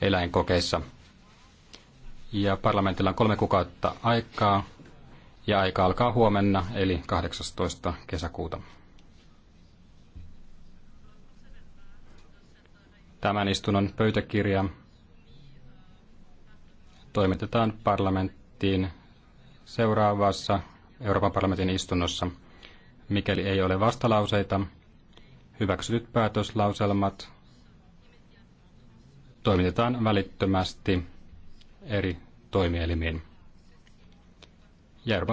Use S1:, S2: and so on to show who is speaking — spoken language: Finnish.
S1: eläinkokeissa. Ja parlamentilla on kolme kuukautta aikaa ja aika alkaa huomenna eli 18. kesäkuuta. Tämän istunnon pöytäkirja toimitetaan parlamenttiin seuraavassa Euroopan parlamentin istunnossa. Mikäli ei ole vastalauseita, hyväksytyt päätöslauselmat toimitetaan välittömästi eri toimielimiin.
S2: Ja Euroopan